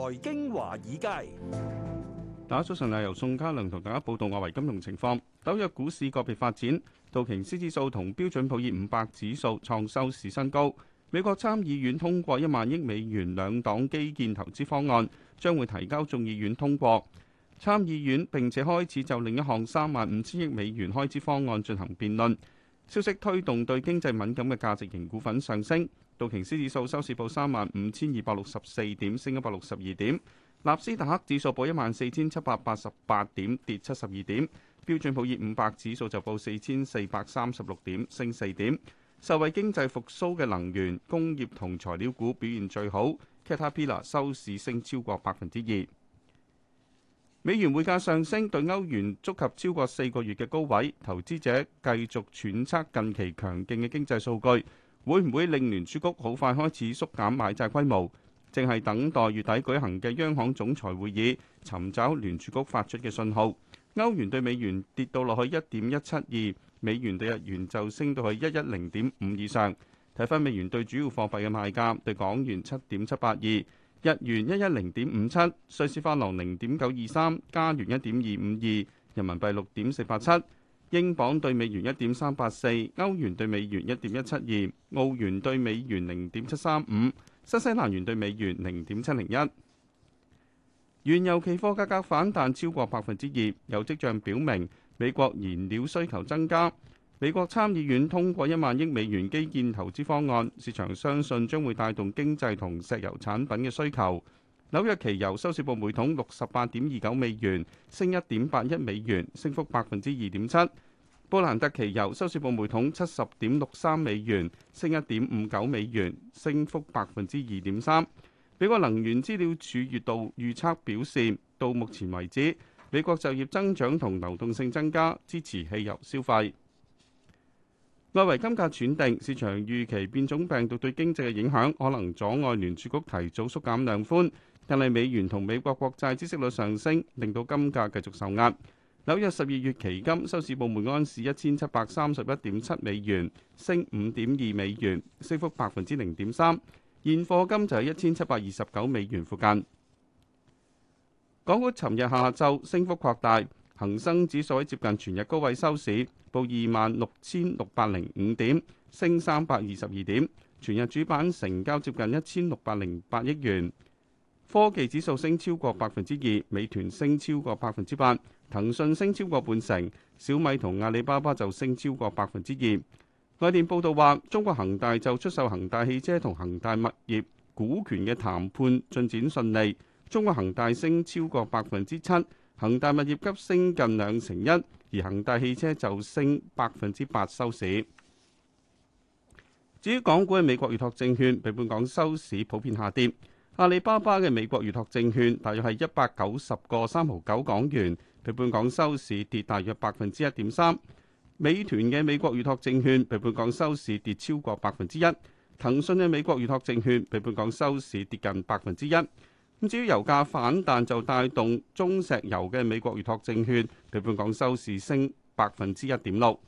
財經華爾街，打早晨啊，由宋家良同大家報道外圍金融情況。紐約股市個別發展，道瓊斯指數同標準普爾五百指數創收市新高。美國參議院通過一萬億美元兩黨基建投資方案，將會提交眾議院通過。參議院並且開始就另一項三萬五千億美元開支方案進行辯論。消息推動對經濟敏感嘅價值型股份上升，道瓊斯指數收市報三萬五千二百六十四點，升一百六十二點；納斯達克指數報一萬四千七百八十八點，跌七十二點；標準普爾五百指數就報四千四百三十六點，升四點。受惠經濟復甦嘅能源、工業同材料股表現最好 c a t a l l a 收市升超過百分之二。美元匯價上升，對歐元觸及超過四個月嘅高位，投資者繼續揣測近期強勁嘅經濟數據會唔會令聯儲局好快開始縮減買債規模，淨係等待月底舉行嘅央行總裁會議，尋找聯儲局發出嘅信號。歐元對美元跌到落去一點一七二，美元對日元就升到去一一零點五以上。睇返美元對主要貨幣嘅賣價，對港元七點七八二。日元一一零點五七，瑞士法郎零點九二三，加元一點二五二，人民幣六點四八七，英鎊兌美元一點三八四，歐元兌美元一點一七二，澳元兌美元零點七三五，新西蘭元兌美元零點七零一。原油期貨價格反彈超過百分之二，有跡象表明美國燃料需求增加。美國參議院通過一萬億美元基建投資方案，市場相信將會帶動經濟同石油產品嘅需求。紐約期油收市報每桶六十八點二九美元，升一點八一美元，升幅百分之二點七。布蘭特期油收市報每桶七十點六三美元，升一點五九美元，升幅百分之二點三。美國能源資料處月度預測表示，到目前為止，美國就業增長同流動性增加支持汽油消費。外圍金價喘定，市場預期變種病毒對經濟嘅影響可能阻礙聯儲局提早縮減量寬，但係美元同美國國債孳息率上升，令到金價繼續受壓。紐約十二月期金收市報每安士一千七百三十一點七美元，升五點二美元，升幅百分之零點三。現貨金就係一千七百二十九美元附近。港股尋日下晝升幅擴大。恒生指數喺接近全日高位收市，報二萬六千六百零五點，升三百二十二點。全日主板成交接近一千六百零八億元。科技指數升超過百分之二，美團升超過百分之八，騰訊升超過半成，小米同阿里巴巴就升超過百分之二。外電報道話，中國恒大就出售恒大汽車同恒大物業股權嘅談判進展順利，中國恒大升超過百分之七。恒大物業急升近兩成一，而恒大汽車就升百分之八收市。至於港股嘅美國預託證券，比本港收市普遍下跌。阿里巴巴嘅美國預託證券，大約係一百九十個三毫九港元，比本港收市跌大約百分之一點三。美團嘅美國預託證券，比本港收市跌超過百分之一。騰訊嘅美國預託證券，比本港收市跌近百分之一。至於油價反彈就帶動中石油嘅美國預託證券，比本港收市升百分之一點六。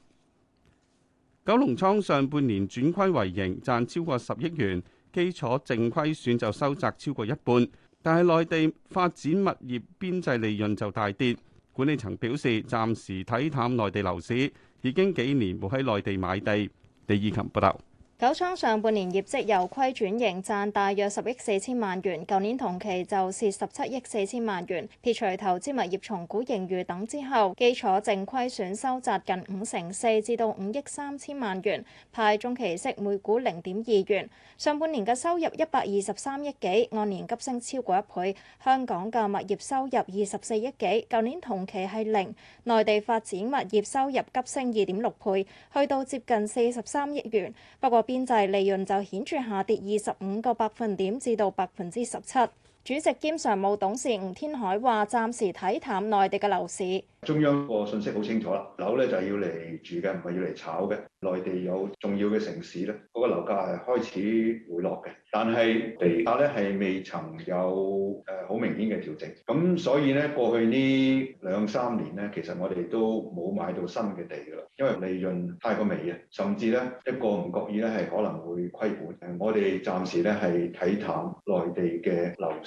九龍倉上半年轉虧為盈，賺超過十億元，基礎淨虧損就收窄超過一半。但係內地發展物業邊際利潤就大跌，管理層表示暫時睇淡內地樓市，已經幾年冇喺內地買地。李意琴報道。九倉上半年業績由虧轉盈，賺大約十億四千萬元，舊年同期就蝕十七億四千萬元。撇除投資物業重估盈餘等之後，基礎淨虧損收窄近五成四，至到五億三千萬元，派中期息每股零點二元。上半年嘅收入一百二十三億幾，按年急升超過一倍。香港嘅物業收入二十四億幾，舊年同期係零，內地發展物業收入急升二點六倍，去到接近四十三億元。不過，經濟利潤就顯著下跌二十五個百分點，至到百分之十七。主席兼常務董事吳天海話：暫時睇淡內地嘅樓市。中央個信息好清楚啦，樓咧就係要嚟住嘅，唔係要嚟炒嘅。內地有重要嘅城市咧，嗰個樓價係開始回落嘅，但係地價咧係未曾有誒好明顯嘅調整。咁所以咧過去呢兩三年咧，其實我哋都冇買到新嘅地噶啦，因爲利潤太過微啊，甚至咧一個唔覺意咧係可能會虧本嘅，我哋暫時咧係睇淡內地嘅樓。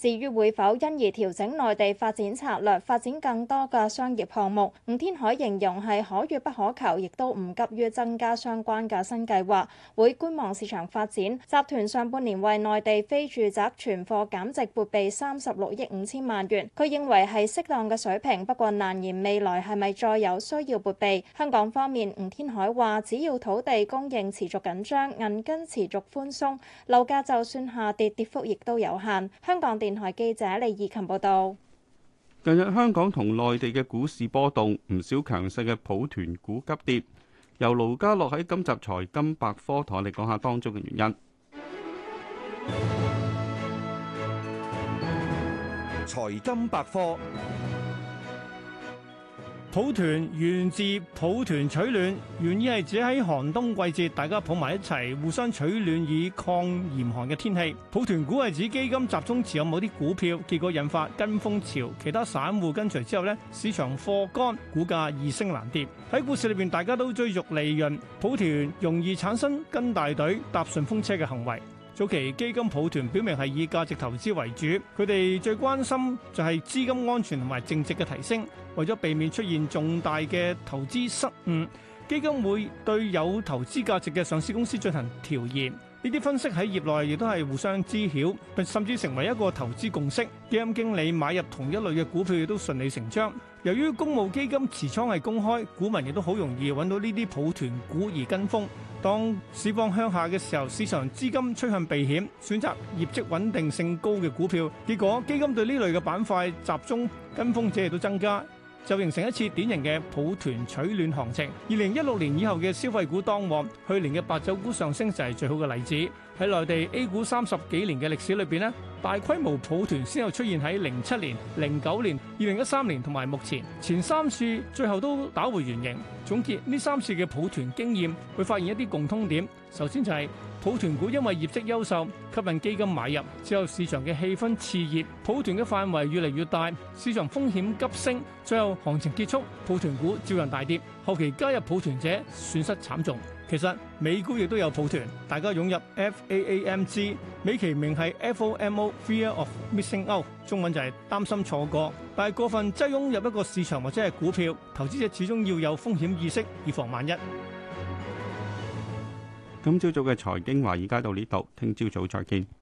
至於會否因而調整內地發展策略，發展更多嘅商業項目，吳天海形容係可遇不可求，亦都唔急於增加相關嘅新計劃，會觀望市場發展。集團上半年為內地非住宅存貨減值撥備三十六億五千萬元，佢認為係適當嘅水平，不過難言未來係咪再有需要撥備。香港方面，吳天海話，只要土地供應持續緊張、銀根持續寬鬆，樓價就算下跌，跌幅亦都有限。香港電電台記者李怡琴報道：近日香港同內地嘅股市波動，唔少強勢嘅抱團股急跌。由盧家樂喺今集《財金百科》同我哋講下當中嘅原因。財金百科。抱團源自抱團取暖，原意係指喺寒冬季節，大家抱埋一齊互相取暖，以抗嚴寒嘅天氣。抱團股係指基金集中持有某啲股票，結果引發跟風潮，其他散戶跟隨之後呢，市場貨乾，股價易升難跌。喺股市裏邊，大家都追逐利潤，抱團容易產生跟大隊搭順風車嘅行為。早期基金抱團表明係以價值投資為主，佢哋最關心就係資金安全同埋淨值嘅提升。為咗避免出現重大嘅投資失誤，基金會對有投資價值嘅上市公司進行調研。呢啲分析喺業內亦都係互相知曉，甚至成為一個投資共識，基金經理買入同一類嘅股票亦都順理成章。由於公募基金持倉係公開，股民亦都好容易揾到呢啲抱團股而跟風。當市況向下嘅時候，市場資金趨向避險，選擇業績穩定性高嘅股票。結果基金對呢類嘅板塊集中，跟風者亦都增加。就形成一次典型嘅抱團取暖行情。二零一六年以後嘅消費股當旺，去年嘅白酒股上升就係最好嘅例子。喺內地 A 股三十幾年嘅歷史裏邊咧，大規模抱團先有出現喺零七年、零九年、二零一三年同埋目前前三次，最後都打回原形。總結呢三次嘅抱團經驗，會發現一啲共通點。首先就係。抱團股因為業績優秀，吸引基金買入，之後市場嘅氣氛熾熱，抱團嘅範圍越嚟越大，市場風險急升，最後行情結束，抱團股照樣大跌。後期加入抱團者損失慘重。其實美股亦都有抱團，大家湧入 FAAMG，美其名係 FOMO（Fear of Missing Out），中文就係擔心錯過，但係過分擠擁入一個市場或者係股票，投資者始終要有風險意識，以防萬一。今朝早嘅財經華爾街到呢度，聽朝早再見。